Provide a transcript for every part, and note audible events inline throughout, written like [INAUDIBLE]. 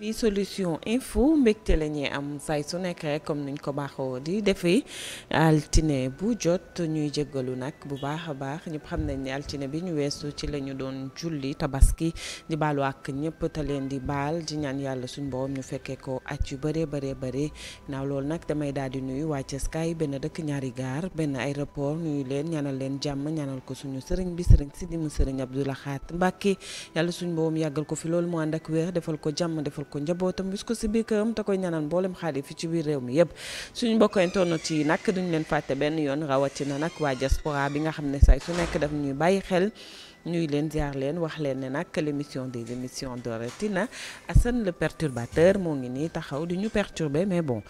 bi solution info mbégte la ñuy am saay su nekkee comme niñ ko baaxoo di defee altine bu jot ñuy jéggalu nag bu baax a baax ñëpp xam nañ ne altine bi ñu weesu ci la ñu doon julli tabaski di baalu ak ñëpp te leen di baal di ñaan yàlla suñ borom ñu fekkee ko at yu bare bëree bëri naaw loolu nag damay daal di nuyu waa Ceskaay benn dëkk ñaari gaar benn aéroport nuyu leen ñanal leen jàmm ñaanal ko suñu sëriñ bi sëriñ si mu sëriñ Abdou Lahad Mbacké yàlla suñ mboom yàggal ko fi loolu mu ànd ak wér defal ko jàmm defal ko njabootam bis ko si biir këram te koy ñaanal mboolem xaalis ci biir réew mi yëpp suñu mbokk internet yi nag duñ leen fàtte benn yoon rawatina nag waa diaspora bi nga xam ne say su nekk daf ñuy bàyyi xel ñuy leen jaar leen wax leen ne nag l'émission des émissions Dooratina Assane le perturbateur moo ngi nii taxaw di ñu perturber mais bon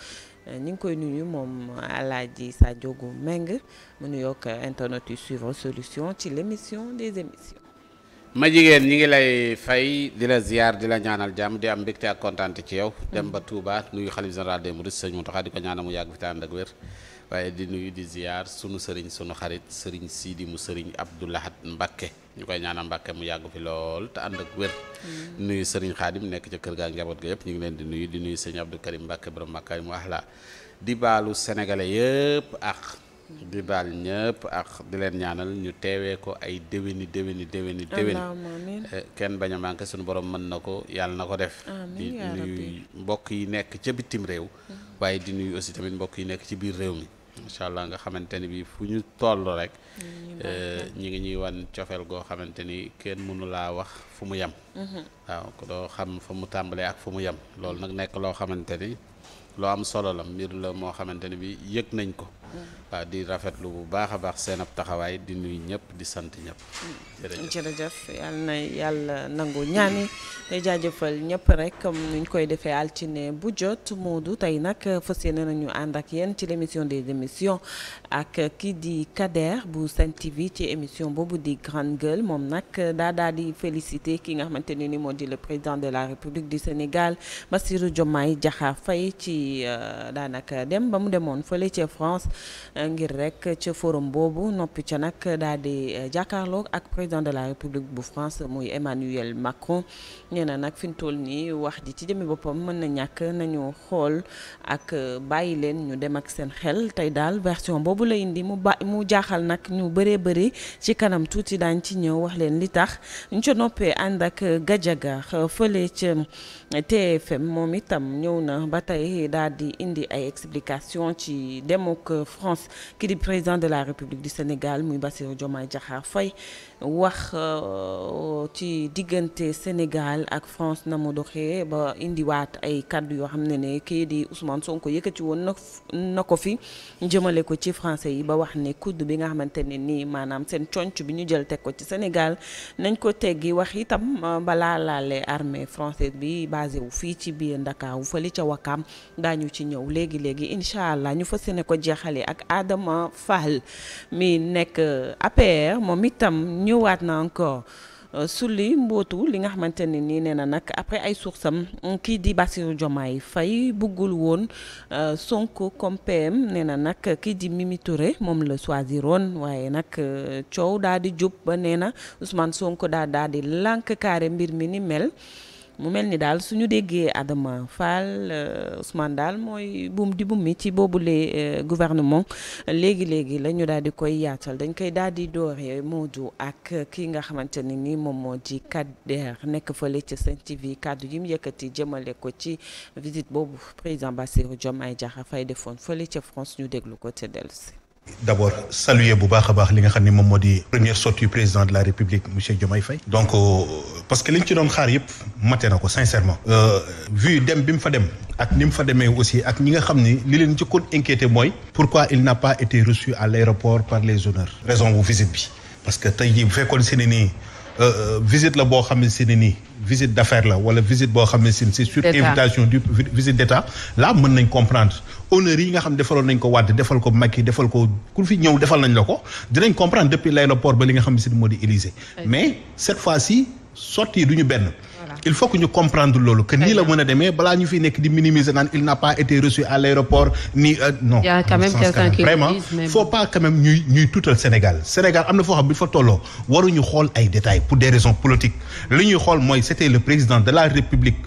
euh, ñu ngi koy nuyu moom ji Alaaji Sadio Meng mu nuyoog internet yu suivre solution ci l'émission des émissions. ma jigéen ñi ngi lay fay di la ziar di la ñaanal jàmm di am mbégte ak kontaante ci yow mm-hmm. dem ba Touba nuyu xalif général des mourides sëñ Mountakha di ko ñaanal mu yàgg fi ak wér waaye di nuyu di ziar sunu sëriñ sunu xarit sëriñ Sidi mu sëriñ Abdou Lahad Mbacké ñu koy ñaanal Mbacké mu yàgg fi lool te ànd ak wér mm-hmm. nuyu sëriñ Xaadim nekk ca kër gaa njaboot ga yëpp ñu ngi leen di nuyu di nuyu sëñ Abdou Karim Mbacké borom Makaarimu Axlaa di baalu sénégalais yëpp ak di baal ñëpp ak di leen ñaanal ñu teewee ko ay déwéni déwéni déwéni déwéni eh, kenn bañ a manqué borom mën na ko yàlla na ko def di mbokk yi nekk ca bitim réew mm-hmm. waaye di nuyu aussi tamit mbokk yi nekk ci biir réew mi incha allah nga xamante ni bi fu ñu toll rek eh, ñi ngi ñuy wan cofeel goo xamante ni kenn mënu laa wax fu mu yem mm-hmm. waaw doo xam fa mu tàmbalee ak fu mu yem loolu nag nekk loo xamante ni loo am solo la mbir la moo xamante ni bi yëg nañ ko waaw di rafetlu bu baax a baax seen ab taxawaay di nuy ñëpp di sant ñëpp. jërëjëf jërëjëf yal na yàlla nangu ñaani day jaajëfal ñëpp rek comme nuñ koy defee altine bu jot Moodu tey nag fas na nañu ànd ak yéen ci l' émission des émissions ak kii di Kader bu Sen TV ci émission boobu di Grande Gueule moom nag daa daal di félicité ki nga xamante ne ni moo di le président de la République du Sénégal Bassirou Diomaye Diakhar Faye ci euh, daanaka dem ba mu demoon fële ci France. Euh, ngir rek ca forum boobu noppi ca nag daal di euh, jàkkaarloo ak président de la république bu France muy Emmanuel Macron nee na nag fi mu toll nii wax ji ci jëmmi boppam mën na ñàkk nañu xool ak euh, bàyyi leen ñu dem ak seen xel tey daal version boobu la indi mu ba mu jaaxal nag ñu bëree bëri ci kanam tuuti daañ ci ñëw wax leen li tax ñu ca noppee ànd ak gajaga fële ca TFM moom itam ñëw na ba tey daal di indi ay explication ci demuk France kii di président de la République du Sénégal muy Bassirou Diomaye Diakhar fay wax euh, ci diggante Sénégal ak France na mu doxee ba indiwaat ay kàddu yoo xam ne ne kii di Ousmane Sonko yëkkati woon na na ko fi jëmale ko ci français yi ba wax ne kudd bi nga xamante ne nii maanaam seen conc bi ñu jël teg ko ci Sénégal nañ ko teggi wax itam euh, balaa laale armée française bi basé wu fii ci biir Ndakaaru fële ca daa daañu ci ñëw léegi léegi incha allah ñu fa yéene ko jeexale ak aadama Fall mi nekk euh, APR moom itam. ñëwaat na encore euh, sulli mbootu li nga xamante ni nii nee na nag après ay sourcam mm, kii di Bassirou yi fay buggul woon euh, Sonko comme PM nee na nag kii di Mimi moom la choisiroon waaye nag euh, coow daal di jub ba nee na Ousmane Sonko daal daal di lank carré mbir mi ni mel. mu mel ni daal suñu déggee Adama Fall euh, Ousmane daal mooy buum di bummi ci boobu boobule euh, gouvernement léegi léegi la ñu daal di koy yaatal dañ koy daal di dooree Modou ak ki nga xamante ne ni moom moo di Kader nekk fële ca Sen TV kaddu yi mu yëkkati jëmale ko ci visite boobu président Bassirou Diomaye Diakhar Faye defoon fële ca France ñu déglu ko te dellusi d' abord saluer bu baax a baax li nga xam ne moom moo di première sortie président de la république monsieur ay Faye donc euh, parce que liñ ci doon xaar yëpp mate na ko sincèrement euh, vu dem bi mu fa dem ak ni mu fa demee aussi ak ñi nga xam ni li leen njëkkoon inquiété mooy pourquoi il n'a pas été reçu à l' aéroport par les honneurs raison bu visite bi parce que tey jii bu fekkoon si ne nii Euh, euh, visite la boo xam ne si ne nii visite d'affaires la wala visite boo xam ne si c'est sur invitation du visite d'état là mën nañ comprendre honneur nga xam defaloon nañ ko Wade defal ko Macky defal ko ku fi ñëw defal nañ la ko dinañ comprendre depuis l'aéroport ba li nga xam ne si moo di Élysée mais cette fois-ci sotti yi benn il faut que ñu comprendre loolu que nii la mën a demee balaa ñu fi nekk di minimiser naan il n'a pas été reçu à l'aéroport ni euh, non vraiment faut pas quand même ñuy ñuy tuutal Sénégal Sénégal am na foo xam bi fa tolloo waruñu xool ay détails pour des raisons politiques li ñuy xool mooy c'était le président de la République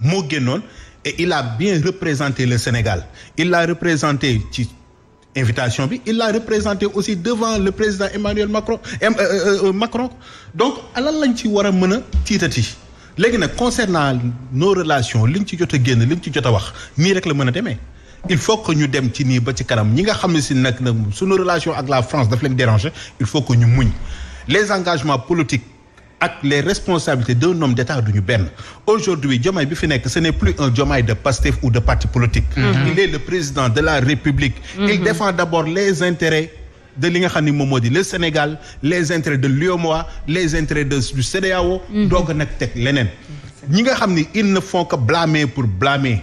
moo génnoon et il a bien représenté le Sénégal il l'a représenté ci invitation bi il l'a représenté aussi devant le président Emmanuel Macron euh, euh, euh, Macron donc lan lañ ci war a mën a tiitati léegi nag concernant nos relations liñ ci jot a génn liñ ci jot a wax nii rek la mën a demee il faut que ñu dem ci nii ba ci kanam ñi nga xam ne si nag nag suñu relation ak la France daf leen déranger il faut que ñu muñ les engagements politiques ak les responsabilités d'un homme d'État duñu benn aujourd'hui Diomaye bi fi nekk ce n'est plus un Diomaye de Pastef ou de parti politique mm -hmm. il le président de la République mm -hmm. il défend d'abord les intérêts de li nga xam ni moom moo di le Sénégal les intérêts de l'UEMOA les intérêts de du CEDEAO mm-hmm. doog nag teg leneen ñi nga xam ni ils ne font que blâmer pour blâmer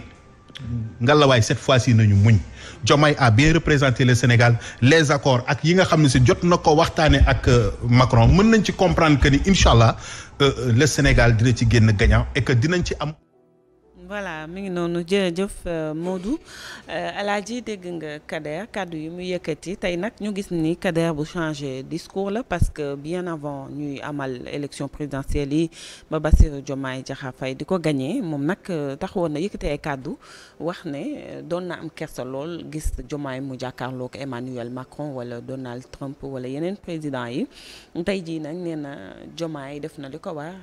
nga la waay cette fois-ci nañu muñ Diomaye a bien représenté le Sénégal les accords ak yi nga xam ne si jot na ko waxtaanee ak euh, Macron mën nañ ci comprendre que ni incha allah euh, euh, le Sénégal dina ci génn gagnant et que dinañ ci am. voilà mi ngi noonu jërëjëf Modou Alaaji dégg nga Kader kàddu yi mu yëkkati tey nag ñu gis ni Kader bu changé discours la parce que bien avant ñuy amal élection présidentielle yi ba Bassirou Diomaye Diakhar Faye di ko gagné moom nag taxawoon na yëkkati ay kàddu wax ne euh, doon na am kersa lool gis Jomaay mu jàkkaarloo ko Emmanuel Macron wala Donald Trump wala yeneen président yi tey jii nag nee na Jomaay def na li ko waa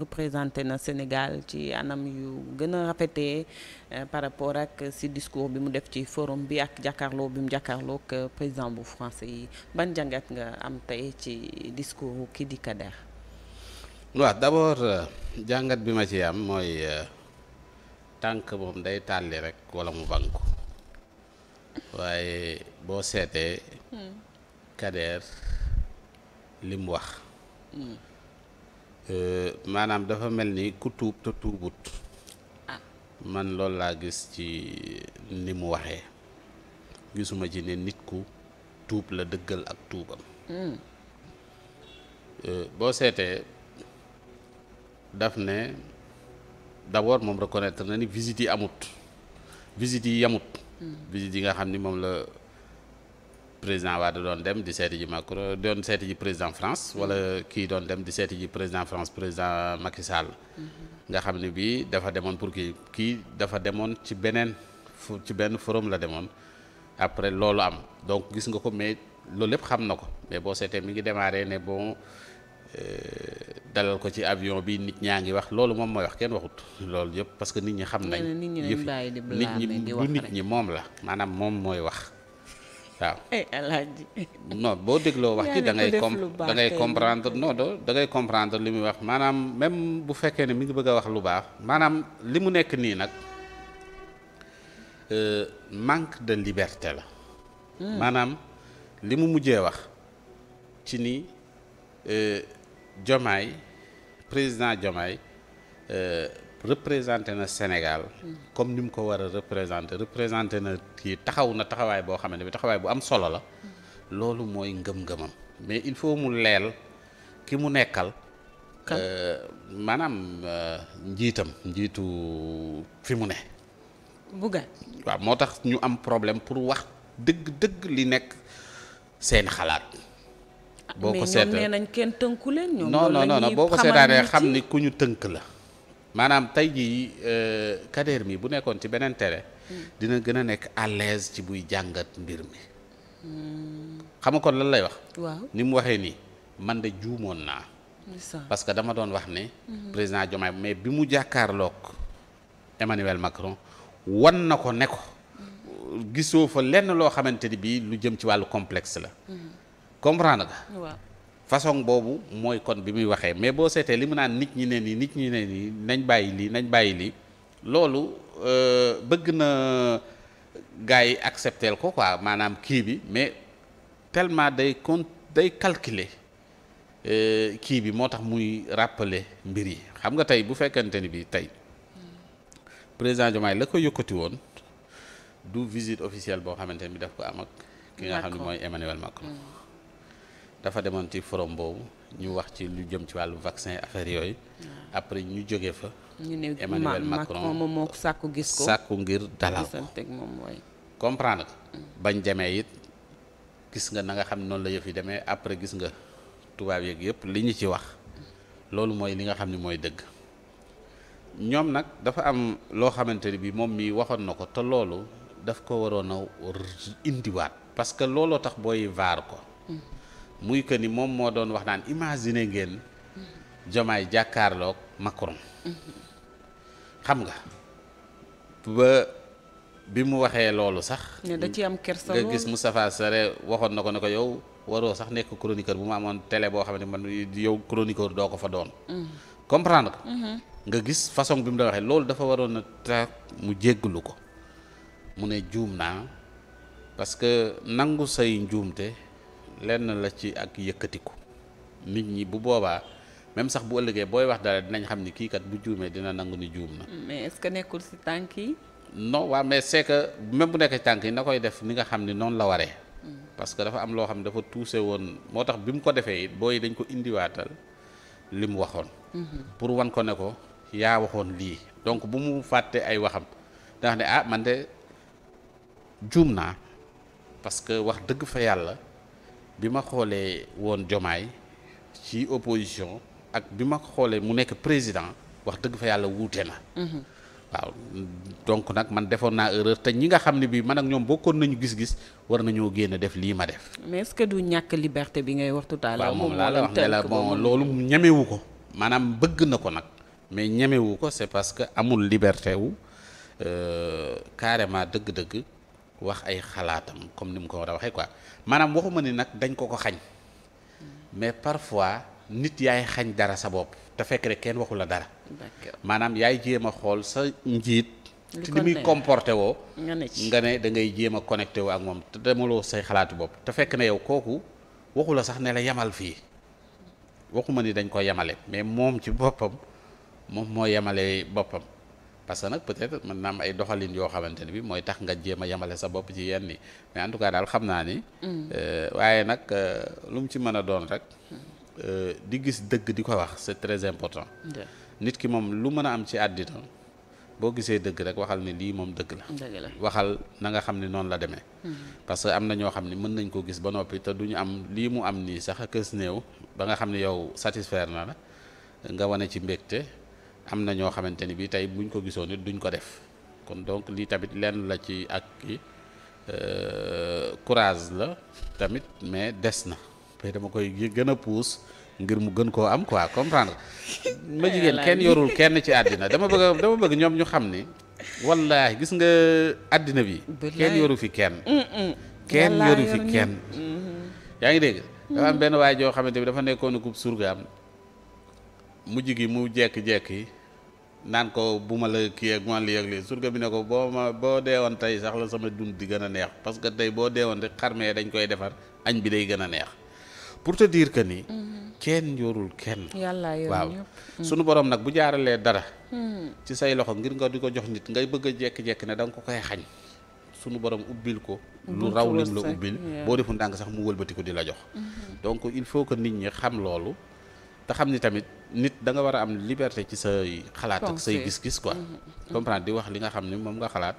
représenté na Sénégal ci anam yu gën a rafetee euh, par rapport ak si discours bi mu def ci forum bi ak jàkkaarloo bi mu jàkkaarloo ak euh, président bu français yi ban jàngat nga am tey ci discours kii di Kader. waaw d'abord jàngat bi ma ci am mooy. tànk moom day tàlli rek wala mu banku waaye boo seetee hmm. kadeer li mu wax hmm. euh, maanaam dafa mel ni ku tuub te tuubut ah. man loolu laa gis ci ni mu waxee gisuma ci ne nit ku tuub la dëggal ak tuubam hmm. euh, boo seetee daf ne d'abord moom reconnaître na ni visite yi amut visite yi yamut hmm. visite yi nga xam ni moom la président Wade doon dem di seeti ji Macron doon seeti ji président France hmm. wala kii doon dem di seeti ji président France président Macky Sall hmm. nga xam ne bii dafa demoon pour kii kii dafa demoon ci beneen fu ci benn forum la demoon après loolu am donc gis nga ko mais loolu yëpp xam na ko mais boo seetee mi ngi démarré ne bon Euh, dalal ko ci avion bi nit ñaa ngi wax loolu moom mooy wax kenn waxut loolu yëpp parce que nit ñi xam nañ nit ñi du nit ñi moom la maanaam moom mooy wax waaw [LAUGHS] non boo dégloo wax ci da ngay da ngay comprendre non do da ngay comprendre li muy wax maanaam même bu fekkee ne mu ngi bëgg a wax lu baax maanaam li mu nekk nii nag euh, manque de liberté la hmm. maanaam li mu mujjee wax ci ni euh, Diomaye président Diomaye euh, représenté na Sénégal comme ni mu ko war a représenté représenté na kii taxaw na taxawaay boo xamante bi taxawaay bu am solo la loolu mooy ngëm-ngëmam mais il faut mu leel ki mu nekkal euh, maanaam euh, njiitam njiitu fi mu ne Bougane waaw moo tax ñu am problème pour wax dëgg-dëgg li nekk seeni xalaat boo ko seet mais ñoom nee kenn tënku leen. ñoom non non non boo ko seetaanee xam ni ku ñu tënk la. maanaam tey jii euh, Kader mi bu nekkoon ci beneen télé. Hmm. dina gën a nekk à l'aise ci buy jàngat mbir mi. Hmm. xam nga lan lay wax. waaw ni mu waxee nii man de juumoon naa. parce que dama doon wax ne. Hmm. président Diomaye mais bi mu jàkkaarloog Emmanuel Macron wan na ko ne ko. gisoo fa lenn loo xamante ni bii lu jëm ci wàllu complexe la. comprendre nga. waaw façon boobu mooy kon bi muy waxee mais boo seetee li mu naan nit ñi ne nii nit ñi ne nii nañ bàyyi lii nañ bàyyi lii loolu euh, bëgg na gars yi accepter ko quoi maanaam kii bi mais tellement day con day calculer euh, kii bi moo tax muy rappeler mbir yi xam nga tey bu fekkante ni bi tey président Diomaye la ko yëkkati woon du visite officielle boo xamante ni bi daf ko am ak ki nga xam ne mooy Emmanuel Macron. Mm. dafa demoon ci forom boobu ñu wax ci lu jëm ci wàllu vaccin affaire yooyu après ñu jógee fa ñu ne Emmanuel Macron moom moo sàkku gis ko sàkku ngir dalal ko comprendre ko mm. bañ demee it gis nga na nga xam noonu la yëf yi demee après gis nga tubaab yeeg yëpp li ñu ci wax loolu mooy li nga xam ne mooy dëgg ñoom nag dafa am loo xamante ni bi moom mi waxoon na ko te loolu daf ko waroon a indiwaat parce looloo tax booy vaar ko mm. muy que ni moom moo doon wax naan imaginer ngeen jamaay jàkkaarlook Macron xam nga ba bi mu waxee loolu sax. ne ci am kersa nga gis Moustapha Sare waxoon na ko ne ko yow waroo sax nekk chroniqueur bu mu amoon télé boo xam ne man yow chroniqueur doo ko fa doon. comprendre ko. Mhm. nga gis façon bi mu la waxee loolu dafa waroon a tax mu jégglu ko mu ne juum naa parce que nangu say njuumte. lenn la ci ak yëkkatiku nit ñi bu boobaa même sax bu ëllëgee booy wax dara dinañ xam ni kii kat bu juumee dina nangu ni juum mais est que nekkul tànk yi. non waaw mais c'est que nekkee tànk yi na koy def ni nga xam ni noonu la waree. parce que dafa am loo xam ne dafa tuuse woon moo tax bi mu ko defee booy dañ ko indiwaatal li waxoon. pour wan ko ne ko yaa waxoon lii donc bu mu fàtte ay waxam da wax ah man de juum naa parce que wax dëgg fa yàlla. bi ma xoolee woon Jomaay ci opposition ak bi ma xoolee mu nekk président wax dëgg fa yàlla wuute na. Mhm. waaw donc nag man defoon naa erreur te ñi nga xam ne bii man ak ñoom bokkoon nañu gis-gis war nañoo génn def lii ma def. mais est que du ñàkk liberté bi ngay wax tout à l'heure. moom laa la wax ne la bon loolu ñemewu ko maanaam bëgg na ko nag mais ñemewu ko c'est parce que amul liberté wu euh, carrément dëgg-dëgg. wax ay xalaatam comme ni mu ko war a waxee quoi maanaam waxuma ni nag dañ ko ko xañ mais parfois nit yaay xañ dara sa bopp te fekk rek kenn waxu la dara maanaam yaay jéem a xool sa njiit comporté woo nga ne da ngay jéem a connecté woo ak moom te demaloo say xalaatu bopp te fekk na yow kooku waxu la sax ne la yamal fii waxuma ni dañ ko yemale mais moom ci boppam moom moo yemale boppam parce que nag peut-être mën naa am ay doxalin yoo xamante ne bi mooy tax nga jéema a sa bopp ci yenn yi mais en tout cas daal xam naa ni. Mm. Euh, waaye nag euh, lu mu ci mën a doon rek. Mm. Euh, di gis dëgg di ko wax c'est très important. nit ki moom lu mën a am ci àddina boo gisee dëgg rek waxal ni lii moom dëgg la. waxal na nga xam ni noonu la demee. Mm. parce que am na ñoo xam ni mën nañ ko gis ba noppi te du ñu am lii mu am nii sax kës néew ba nga xam ni yow satisfaire na la nga wane ci mbégte. am na ñoo xamante ni bii tey buñ ko gisoon it duñ ko def kon donc lii tamit lenn la ci ak ki euh, courage la tamit mais des na tey dama koy gën a puus ngir mu gën koo am quoi comprendre [LAUGHS] ma jigéen kenn yorul kenn ci àddina dama bëgg bëgg ñoom ñu xam ni wallaahi gis nga àddina bi kenn yoru fi kenn kenn yoru fi kenn mm-hmm. yaa ngi dégg dafa am mm-hmm. benn waay joo xamante bi dafa nekkoon ku surgaam mujj gi mu jekki-jekki naan ko bu ma la kii ak man lii ak lii bi ne ko boo ma boo deewoon tey sax la sama dund di gën a neex parce que tey boo deewoon rek xarmee dañ koy defar añ bi day gën a neex pour te diir que ni. Mm-hmm. kenn yorul kenn. yàlla waaw mm. sunu borom nag bu jaaralee dara. Mm. ci say loxo ngir nga di ko jox nit ngay bëgg a jékki ne da nga ko koy xañ. sunu borom ubbil ko. lu raw lim la ubbil boo defu ndànk sax mu wëlbati ko di la jox. Mm-hmm. donc il faut que nit ñi xam loolu. te xam ni tamit nit danga war a am liberté ci say xalaat ak say gis-gis quoi mm-hmm, mm-hmm. comprendre di wax li nga xam ni moom nga xalaat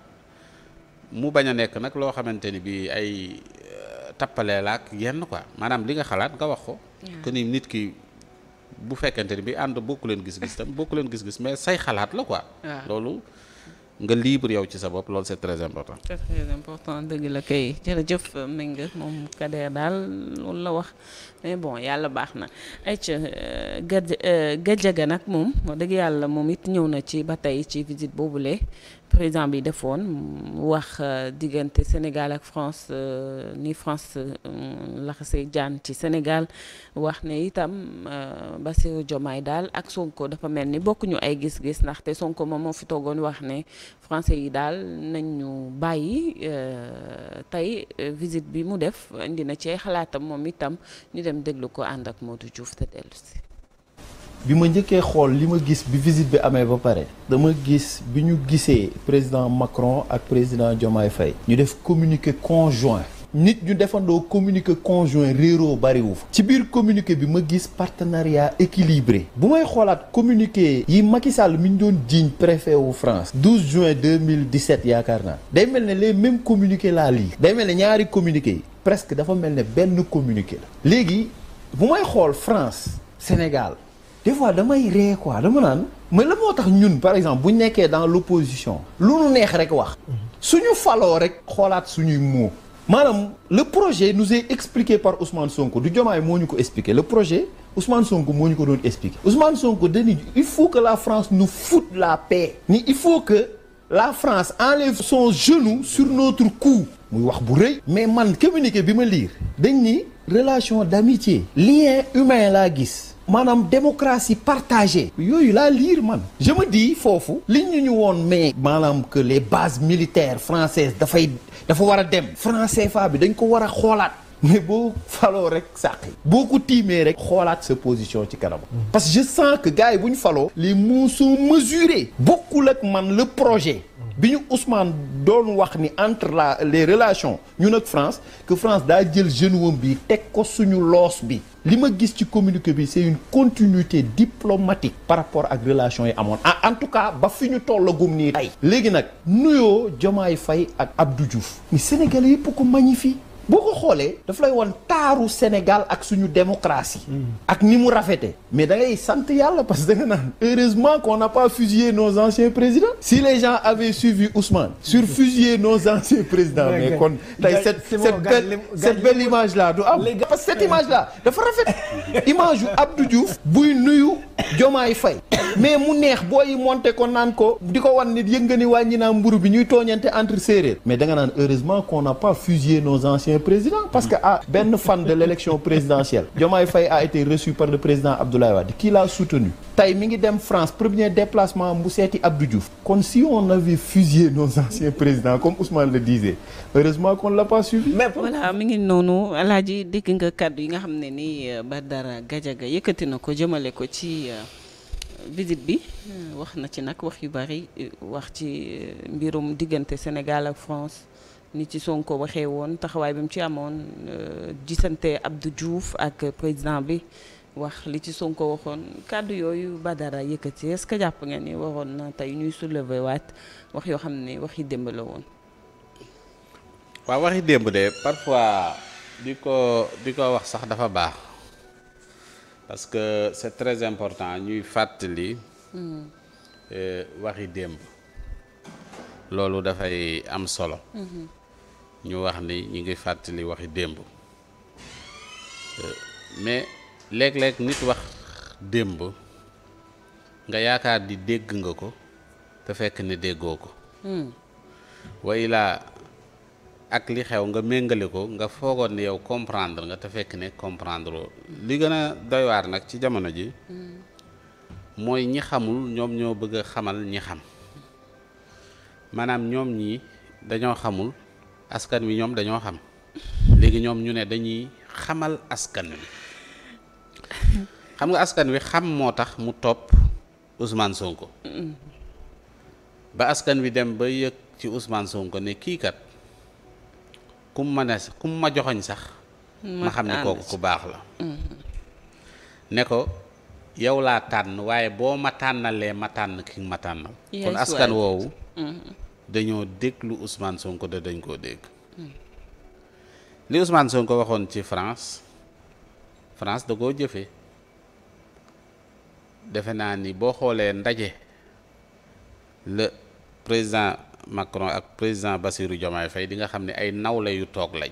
mu bañ a nekk nag loo xamante ni bi ay euh, tappalee laak yenn quoi maanaam li nga xalaat nga wax ko que ni nit ki bu fekkente ni bi ànd bokku leen gis-gis tam bokku leen gis-gis mais say xalaat la quoi loolu nga bu yow ci sa bopp loolu c'est très important. c'est important dëgg la kay jërëjëf Mbengue moom Kader daal loolu la wax mais bon yàlla baax na ay ayca Gajaga nag moom moo dëgg yàlla moom it ñëw na ci ba tey ci boobu boobule. président bi defoon wax euh, diggante Sénégal ak France euh, ni France euh, laxasee jaan ci Sénégal wax ne itam Bassirou Diomaye daal ak Sonko dafa mel ni bokkuñu ay gis-gis ndaxte Sonko moom moo fi toogoon wax ne français yi daal nañ ñu bàyyi tey visite bi mu def indi na ci xalaatam moom itam ñu dem déglu ko ànd ak Modou Diouf te dellu si bi ma njëkkee xool li ma gis bi visite bi amee ba pare dama gis bi ñu gisee président Macron ak président Diomaye fay ñu def communiqué conjoint nit ñu defandoo communiqué conjoint réeroo bariwu fa ci biir communiqué bi ma gis partenariat équilibré bu may xoolaat communiqué yi Macky Sall mi ñu doon jiiñ préfet wu France 12 juin 2017 yaakaar naa day mel ne les même communiqué laa lii day mel ne ñaari communiqué yi presque dafa mel ne benn communiqué la léegi bu may xool France Sénégal des fois damay ree quoi dama naan mais la moo tax ñun par exemple bu nekkee dans l'opposition lu nu neex rek wax suñu faloo rek xoolaat suñuy moo maanaam le projet nous est expliqué par Ousmane Sonko du Diomaye moo ñu ko expliqué le projet Ousmane Sonko moo ñu ko doon expliqué Ousmane Sonko dañu il faut que la France nous foute la paix ni il faut que la France enlève son genou sur notre cou muy wax bu rëy mais man communiqué bi ma liir dañ ni relation d'amitié lien humain laa gis maanaam démocratie partagée yooyu laa liir man je me foofu li ñu ñu woon mais maanaam que les bases militaires françaises dafay dafa war a dem franc CFA bi dañ ko war a xoolaat mais boo faloo rek sàqi boo ko tiimee rek xoolaat sa position ci kanam parce que je sens que gars yi bu ñu faloo les mots sont mesurés bokkul ak man le projet bi ñu Ousmane doon wax ni entre la les relations ñun ak France que France daa jël jeune wam bi teg ko suñu loos bi li ma gis ci communiqué bi c'est une continuité diplomatique par rapport ak relations yi amoon ah, en tout cas ba fi ñu tollagum nii tey léegi nag nuyoo Diomaye fay ak Abdou Diouf mais Sénégalais yëpp ko magnifie boo ko xoolee daf lay woon taaru Sénégal ak suñu démocratie hmm. ak ni mu rafete mais da ngay sant yàlla parce que da nga naan heureusement qu'on n'a pas fusillé nos anciens présidents si les gens avaient suivi Ousmane sur hmm. fusiller nos anciens présidents mais kon tey cette cette belle cette belle image là du am parce que cette image là [LAUGHS] dafa rafet image yu buy nuyu Diomaye fay mais mu neex booy monté ko naan ko di ko wan nit yënga ni wàññi naa mburu bi ñuy tooñante entre séeréer mais da nga naan heureusement qu'on n'a ancien président parce que ah benn fan de l'élection présidentielle Diomaye Faye a été reçu par le président Abdoulaye Wade qui soutenu tey mi ngi dem France premier déplacement mu seeti Abdou Diouf kon si on avait fusillé nos anciens présidents comme Ousmane le disait heureusement qu'on l'a pas suivi mais voilà mi ngi noonu Alaaji dégg nga kàddu yi nga xam ne ni euh, dara Gadiaga yëkkati na ko jëmale ko ci euh, visite bi euh, wax na ci nag wax yu bari wax ci mbirum diggante Sénégal ak France ni ci Sonko waxee woon taxawaay bi mu ci amoon euh, gisante Abdou juuf ak président bi wax li ci Sonko waxoon kàddu yooyu Badara yëkkati est-ce que jàpp nga ni waxoon na tey ñuy soulever waat wax yoo xam ne waxi démb la woon. waaw waxi démb de parfois di ko di ko wax sax dafa baax parce que c'est très important ñuy fàttali. Hmm. Euh, waxi démb. loolu dafay am solo. Hmm. ñu wax ni ñu ngi fàttali waxi démb euh, mais léeg-léeg nit wax démb nga yaakaar di dégg nga ko te fekk ne déggoo ko hmm. wa ak li xew nga méngale ko nga foogoon ne yow comprendre nga te fekk ne comprendre li gën a doy nag ci jamono ji hmm. mooy ñi xamul ñoom ñoo bëgg xamal ñi xam maanaam ñoom ñii dañoo xamul askan wi ñoom dañoo xam léegi ñoom ñu ne dañuy xamal askan wi xam nga askan wi xam moo tax mu topp Ousmane Sonko ba askan wi dem ba yëg ci Ousmane Sonko ne kii kat ku mu mën a ma joxoñ sax ma xam ne kooku ku baax la mm-hmm. ne ko yow laa tànn waaye boo ma tànnalee ma tànn ki ma tànnal kon askan woowu mm-hmm. dañoo dégg lu Ousmane Sonko de dañ koo dégg li Ousmane Sonko waxoon ci France France da koo jëfee defe naa ni boo xoolee ndaje le président Macron ak président Bassirou Diomaye Faye di nga xam ne ay nawle yu toog lañ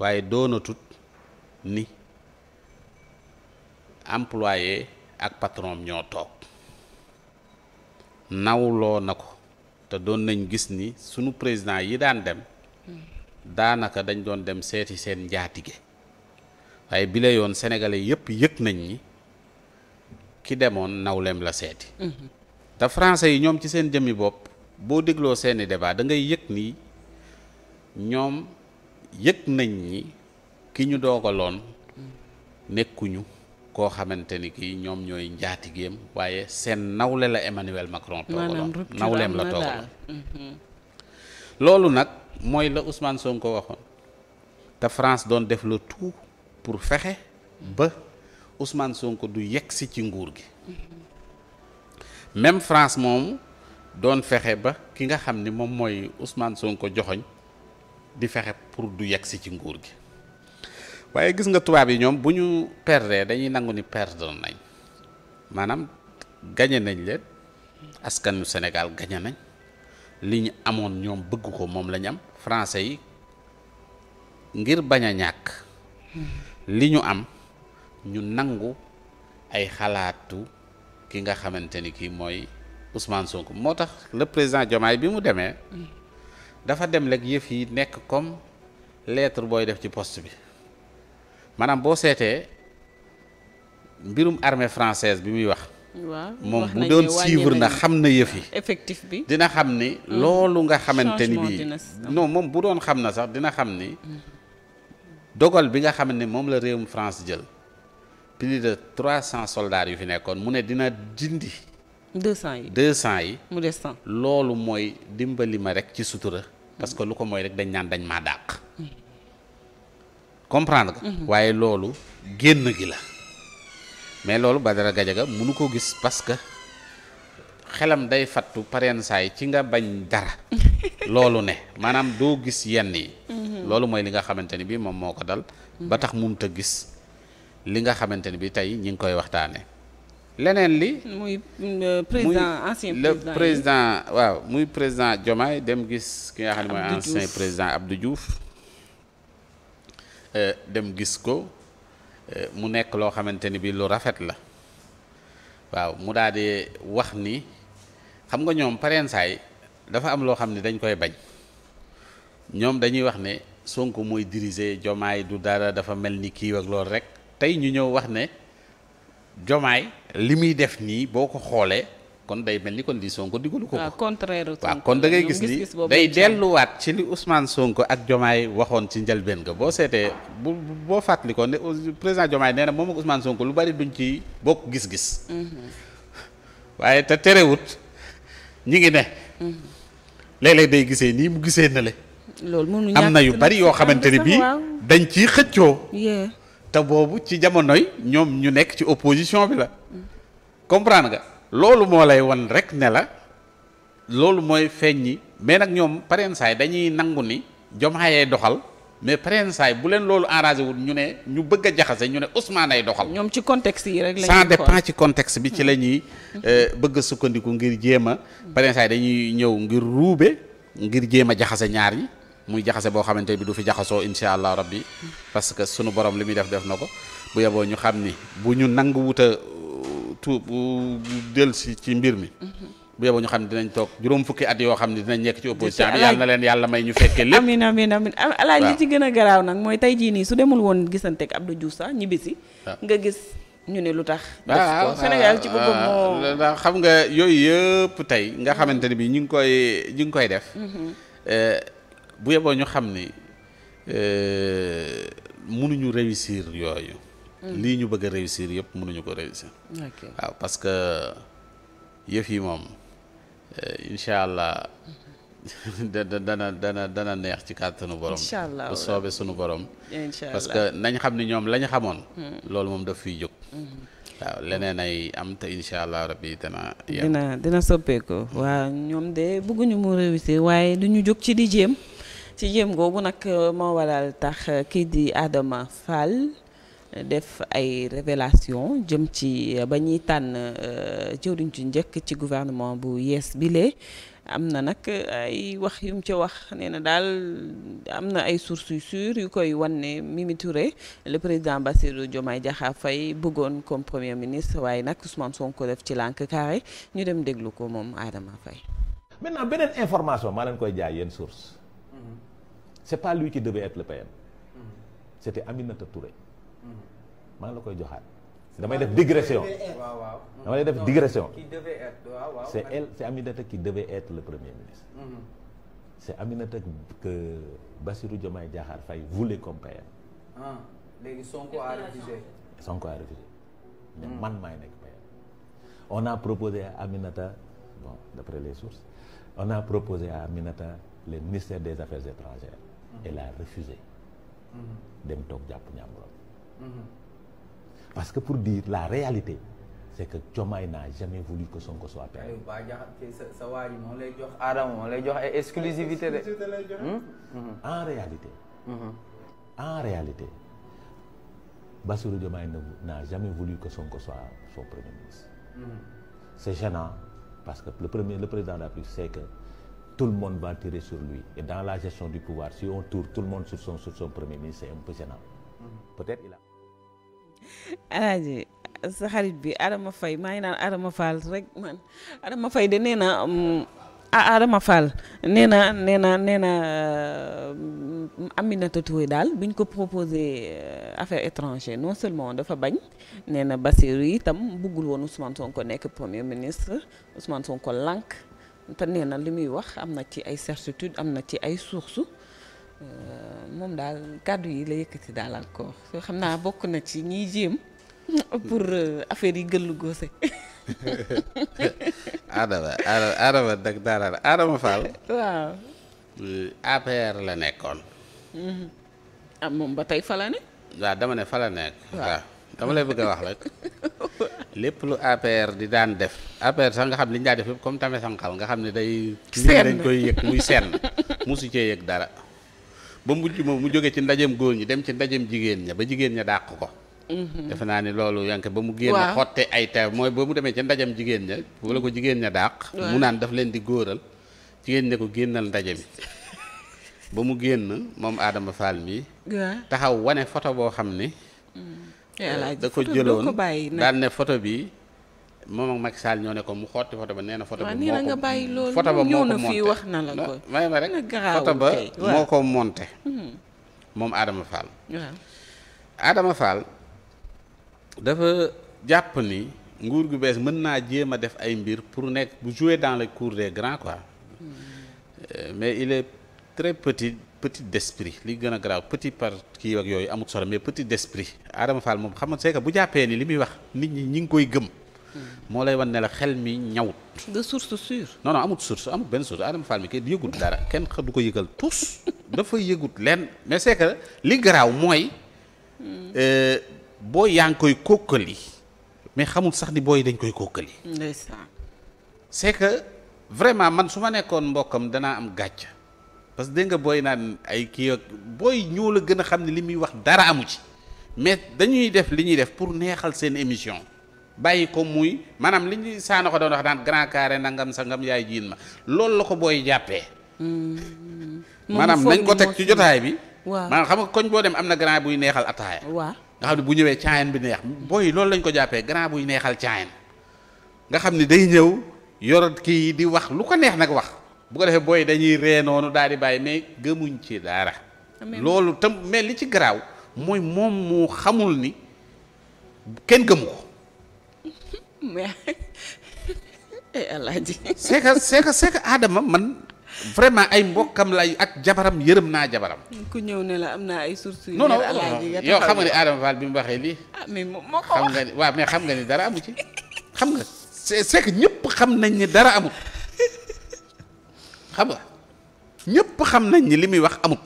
waaye doonatut ni employé ak patron ñoo toog nawloo na ko te doon nañ gis ni sunu président yi daan dem daanaka dañ doon dem seeti seen njaatige waaye bi la yoon sénégalais yëpp yëg nañ ni ki demoon nawleem la seeti mhm. te français yi ñoom ci seen jëmmi bopp boo dégloo seeni débat dangay yëg ni ñoom yëg nañ ni ki ñu doogaloon mm. nekkuñu koo xamante ni kii ñoom ñooy njaati njaatigeem waaye seen nawle la Emmanuel Macron toogaloon nawleem la toogaloon mhm. loolu nag mooy la Ousmane Sonko ko waxoon te France doon def le tout pour fexe ba Ousmane Sonko du yegg si ci nguur gi mhm. même France moom doon fexe ba ki nga xam ni moom mooy Ousmane Sonko joxoñ di fexe pour du yegg si ci nguur gi waaye gis nga tubaab yi ñoom bu ñu perdre dañuy nangu ni perdre nañ maanaam gañe nañ leen askanu Sénégal gañe nañ li ñu amoon ñoom bëgg ko moom la am français yi ngir bañ a ñàkk li ñu am ñu nangu ay xalaatu ki nga xamante ni kii mooy Ousmane Sonko moo tax le président Diomaye bi mu demee dafa dem rek yëf yi nekk comme lettre booy def ci post bi maanaam boo seetee mbirum armee française bi muy wax. waaw moom bu doon suivre na xam na yëf effectif bi dina xam ni. Mm. loolu nga xamante ni bii non moom bu doon xam na sax dina xam ni. Mm. dogal bi nga xam ne moom la réewum France jël plus de trois cent soldats yu fi nekkoon mu ne dina dindi. deux cent yi deux cent yi. mu des loolu mooy dimbali ma rek ci sutura. parce que lu ko mooy rek dañ naan dañ maa dàq. comprendre nga. Mhm. waaye loolu génn gi la mais loolu Badara Gajaga mënu ko gis parce que xelam day fattu pareen saay ci nga bañ dara [LAUGHS] loolu ne maanaam doo gis yenn yi mhm. loolu mooy li nga xamante ni bi moom moo ko dal mhm. ba tax mënut ta gis li nga xamante ni bi tey ñi ngi koy waxtaane leneen li muy euh, président ancien président waaw muy président Diomaye dem gis ki nga xam ne mooy président Abdou Diouf Eh, dem gis ko eh, mu nekk loo xamante ni bi lu rafet la waaw mu daal wax ni xam nga ñoom pareensaay dafa am loo xam ne dañ koy bañ ñoom dañuy wax ne Sonko mooy diriger jomaay du dara dafa mel ni kii ak loolu rek tey ñu ñëw wax ne jomaay li muy def nii boo ko xoolee kon day mel ni kon lii Sonko digalu ko. Ah, waaw contraire waaw kon dangay gis ni day delluwaat ci li Ousmane Sonko ak Jomaay waxoon ci njëlbeen nga boo seetee bu boo fàttali ko ne président Jomaay nee na moom ak Ousmane Sonko lu bari duñ ci bokk gis-gis. Mm-hmm. waaye te terewut ñi ngi ne. Mm-hmm. léeg-léeg day gisee nii mu gisee na loolu mënuñu am na yu bari yoo xamante ni bii dañ ciy xëccoo. te boobu ci jamonoy ñoom ñu nekk ci opposition bi la mm. comprendre nga. loolu moo lay wan rek ne la loolu mooy feeñ feeññi mais nag ñoom parensaay dañuy nangu ni jomaayee doxal mais parensaay bu leen loolu arrangé wul ñu ne ñu bëgg a jaxase ñu ne Ousmane ay doxal. ñoom ci contexte yi rek. la ñuy ça dépend bi ci la ñuy hmm. euh, bëgg sukkandiku ngir jéem a parensaay dañuy ñëw ngir ruube ngir jéem a jaxase ñaar yi muy jaxase boo xamante bi du fi jaxasoo insha allah rabbi parce que sunu borom li muy def def na ko bu yeboo ñu xam ni bu ñu nangu tuub dellusi ci mbir mi. Mm-hmm. bu yeboo ñu xam ne dinañ toog juróom fukki at yoo xam ne dinañ nekk ci opposition bi yàlla na leen yàlla may ñu fekkee lépp amiin amiin amiin alaaj li ci gën a garaaw nag mooy tey jii nii su demul woon gisanteeg Abdou Diouf sax ñibbisi nga gis ñu ne lu tax def ko ah, ah, Sénégal ci boppam ah, moo ndax xam nga yooyu yëpp tey nga mm-hmm. xamante ne bi ñu ngi koy ñu ngi koy def mm-hmm. eh, bu yeboo ñu xam ni eh, mënuñu réussir yooyu Mm. lii ñu bëgg a réussir yëpp mënuñu ko réussir. waaw parce que yëf yi moom eh, incha allah [LAUGHS] dana dana neex ci kàttanu borom. incha allah bu soobee sunu borom. parce nañ xam ni ñoom lañ xamoon. Mm. loolu moom daf fiy jóg. Mm-hmm. waaw leneen ay am te incha allah rabbi dana. dina dina soppeeku. Mm. waaw ñoom de bëgguñu mu réussir waaye du jóg ci di jéem. ci jéem googu nag moo waral tax kii di Adama Fall. def ay révélation jëm ci euh, ba ñuy tànn euh, jëwriñ ci njëkk ci gouvernement bu yees bi am na nag euh, ay wax yum ci wax nee na daal am na ay source yu sûres yu koy wan ne Mimi Touré le président Bassirou Diomaye Diakhar Faye bëggoon comme premier ministre waaye nag Ousmane Sonko def ci lànk carré ñu dem déglu ko moom Adama Faye maintenant beneen information maa leen koy jaay yéen source mm-hmm. c'est pas lui qui devait être le PM mm-hmm. c'était Aminata Touré maa ngi la koy joxaat damay def digression damay def digression c'est elle c'est Aminata qui devait être le premier ministre mm-hmm. c'est Aminata que Bassirou Diomaye Diakhar Faye voulait comme PM ah, léegi Sonko a a refusé mais mm. man maay nekk PM on a proposé à Aminata bon d'après les sources on a proposé Aminata le ministère des affaires étrangères mm-hmm. elle a refusé mm-hmm. dem toog jàpp ñàmburam parce que pour dire la réalité c'est que Diomaye n'a jamais voulu que lay jox lay jox ay exclusivité hmm? Hmm? en réalité. Hmm. en réalité Bassirou Diomaye n'a jamais voulu que Sonko soit son premier ministre. c'est que le premier le président de la que tout le monde va tirer sur la gestion du pouvoir si on son premier ministre c'est un peu peut-être il a. alaaji sa xarit bi Adama Faye maa ngi naan Adama Fall rek man Adama Faye de nee na mm, Adama Fall nee na nee na nee na euh, Aminata Touré daal bi ñu ko proposé euh, affaire étranger non seulement dafa bañ nee na Bassirou itam buggul woon Ousmane Sonko nekk premier ministre Ousmane Sonko lànk te nee na li muy wax am na ci ay certitude am na ci ay sources Euh, moom daal kàddu yi la yëkkati daal encore soo xam naa bokk na ci ñiy jéem [LAUGHS] pour euh, affaire yi gëllu góose [LAUGHS] adama adama dag daaraan adama Fall waaw euh, APR la nekkoon am mhm. ah, moom ba tey fala la ne waaw dama ne fa la nekk waaw dama lay bëgg a wax rek [LAUGHS] lépp lu APR di daan def APR sax nga xam li ñu daa def lépp comme tamit sanqal nga xam ne day nit dañ muy senn musu cee yëg dara ba mujj moom mu jóge ci ndajem góor ñi dem ci ndajem jigéen ña ba jigéen ña dàq ko mm-hmm. defe naa ni loolu yanke ba mu génn xotte ay ter mooy ba mu demee ca ndajam jigéen ña wala ko jigéen ña dàq mu naan daf leen di góoral jigéen ña ko génnal ndaje mi [LAUGHS] ba mu génn moom aadama Fall mi taxaw wane foto boo xam ni mm. eh, da ko jëloon daal ne photo bi moom ak Macky Sall ñoo ne ko mu xotti photo ba nee na. photo ba moo ko photo ba moo ko monté wax na la ko. may ma rek photo ba moo ko monté. Hmm. moom Adama Fall. waaw Adama dafa jàpp ni nguur gu bees mën naa jéem a def ay mbir pour nekk bu jouer dans les cours des grands quoi. Euh, mais il est très petit petit d'esprit li gën a garaaw petit par kii ak yooyu amut solo mais petit d'esprit Adama Fall moom xam nga c'est bu jàppee ni li muy wax nit ñi ñi ngi koy gëm. moo lay wan ne la xel mi ñawut. de source sûre. non non amut source amut benn source Adama Fall mi kenn yëgut dara kenn du ko yëgal tous dafa yëgut lenn mais c'est que li garaaw mooy. Euh, boo yaa ngi koy kókkali mais xamul sax ni booy dañ koy kókkali. ndeysaan. c'est que vraiment man su ma nekkoon mbokkam danaa am gàcc parce que dégg nga booy naan ay kii ak booy ñoo la gën a xam ne li muy wax dara amu ci mais dañuy def li ñuy def pour neexal seen émission. bàyyi ko muy maanaam li ñu saana ko doon wax daan grand carré nangam sangam yaay jiin ma loolu la ko booy jàppee. Mm-hmm. maanaam nañ ko teg ci jotaay bi. waaw xam koñ boo dem am na grand buy neexal ataaya. waaw nga xam ne bu ñëwee caayan bi neex booy loolu lañ ko jàppee grand buy neexal caayan nga xam ne day ñëw yor kii di wax lu ko neex nag wax bu ko defee booy dañuy ree noonu daal di bàyyi mais gëmuñ ci dara. loolu tam mais li ci garaaw mooy moom mu xamul ni kenn gëmu ko. mais [LAUGHS] eh, alaaji c'est que c'est Adama man vraiment ay mbokkam lay ak jabaram yërëm naa jabaram. ku ñëw ne la am naa ay sources yu. xam nga ni Adama Fall bi mu waxee lii. ah mais moo ko wax xam nga ni mais xam nga ni dara amu ci xam nga c'est que ñëpp xam nañ ni dara amut xam nga ñëpp xam nañ ni li muy wax amut.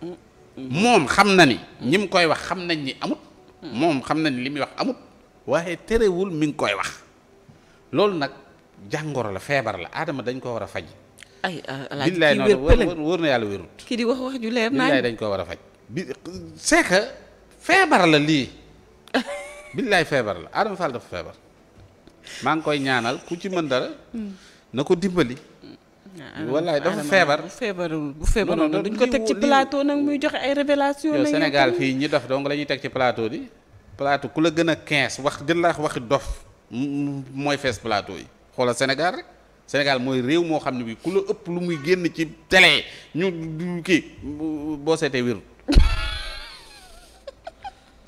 Mm, mm. moom xam na ni ñi mu koy wax xam nañ ni amut. moom xam na ni li muy wax amut. waaye terewul mi ngi koy wax loolu nag jàngoro la feebar la aadama dañ ko war a faj. ay euh, billaay noonu wóor na yàlla wérut. ki di wax wax ju leer naa dañ ko a faj. bi c'est la lii [LAUGHS] billaay feebar la Adama feebar maa ngi koy ñaanal ku ci mën dara. Hmm. na ko dimbali. wallaay dafa feebar bu feebarul bu feebarul dañ ko teg ci plateau nag muy joxe ay révélation. yow Sénégal fii ñi dof dong la ñuy teg ci plateau di. plateau ku la gën a 15 wax gën laa waxi dof mooy fees plateau yi xoola Sénégal rek Sénégal mooy réew moo xam ne bi ku la ëpp lu muy génn ci télé ñu kii boo seetee wér. [LAUGHS]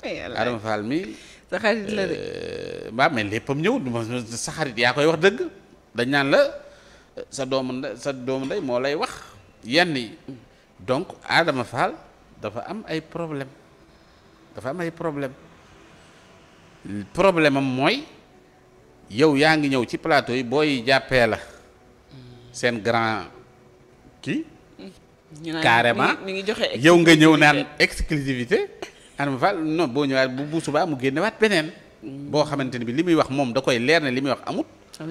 Eh, Adama Fall mi sa xarit la de. Euh, waaw mais léppam ñëw sa xarit yaa koy wax dëgg dañ naan la sa doomu nda sa doomu ndey moo lay wax yenn yi donc Adama Fall dafa am ay problème dafa am ay problème problème am mooy yow yaa ngi ñëw ci plateau yi booy jàppee la seen grand kii. carrément yow nga ñëw naan exclusivité Adama Fall non boo ñëwaat bu bu subaa mu waat beneen. boo xamante ni bi li muy wax moom da koy leer ne li muy wax amut. Ah,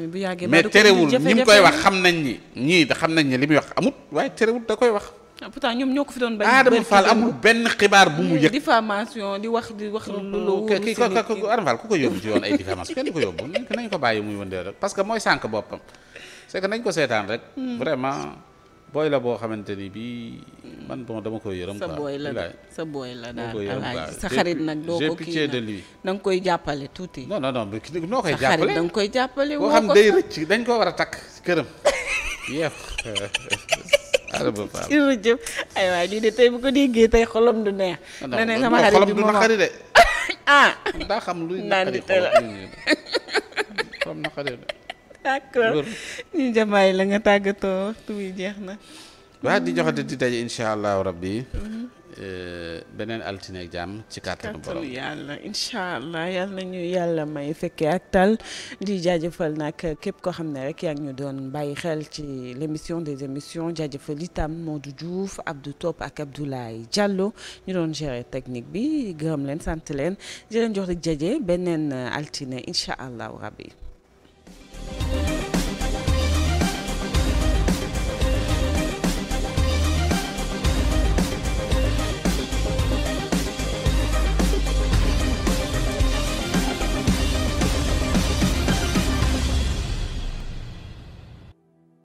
mais terewul ñi mu koy wax xam nañ ni ñii xam nañ ne li muy wax amut waaye terewul da koy wax. Ah, pourtant ñoom ñoo ko fi doon bañ. Adama Fall amul benn xibaar bu mu yëg. diffamation di wax di wax. lu kii kii Adama ko [LAUGHS] yóbbu ci yoon ay diffamation ko yóbbu nañ ko bàyyi muy wëndeel rek parce que mooy sànq boppam c'est nañ ko seetaan rek. Hmm. vraiment booy la boo xamante ni bii man bon dama koy yërëm. sa booy la sa booy la daal sa xarit nag doo ko kii na nga koy jàppale tuuti. non non non noo koy jàppale sa xarit da koy jàppale. woo ko xam day rëcc dañ ko war a takk ci këram [LAUGHS] yeef. Adama Fall [LAUGHS] jërëjëf de tey bu ko déggee tey xolam du neex. Ah, nee na sama xarit bi moom xarit de. [LAUGHS] ah daa xam luy naqari xolam naqari de. d'accord ñu jamaay la nga tàggatoo waxtu wi jeex na. waa di joxante di daje incha allah rabbi. Mm-hmm. Euh, beneen altine jàmm ci kàttanu borom yàlla incha allah yàlla nañu yàlla may fekkee ak tal di jaajëfal nag képp koo xam ne rek yaa ngi ñu doon bàyyi xel ci l' émission des émissions jaajëfal itam moo Modou Diouf Abdou topp ak Abdoulaye Diallo ñu doon gérer technique bi gërëm leen sant leen di leen jox di jaje beneen altine incha allahu rabbi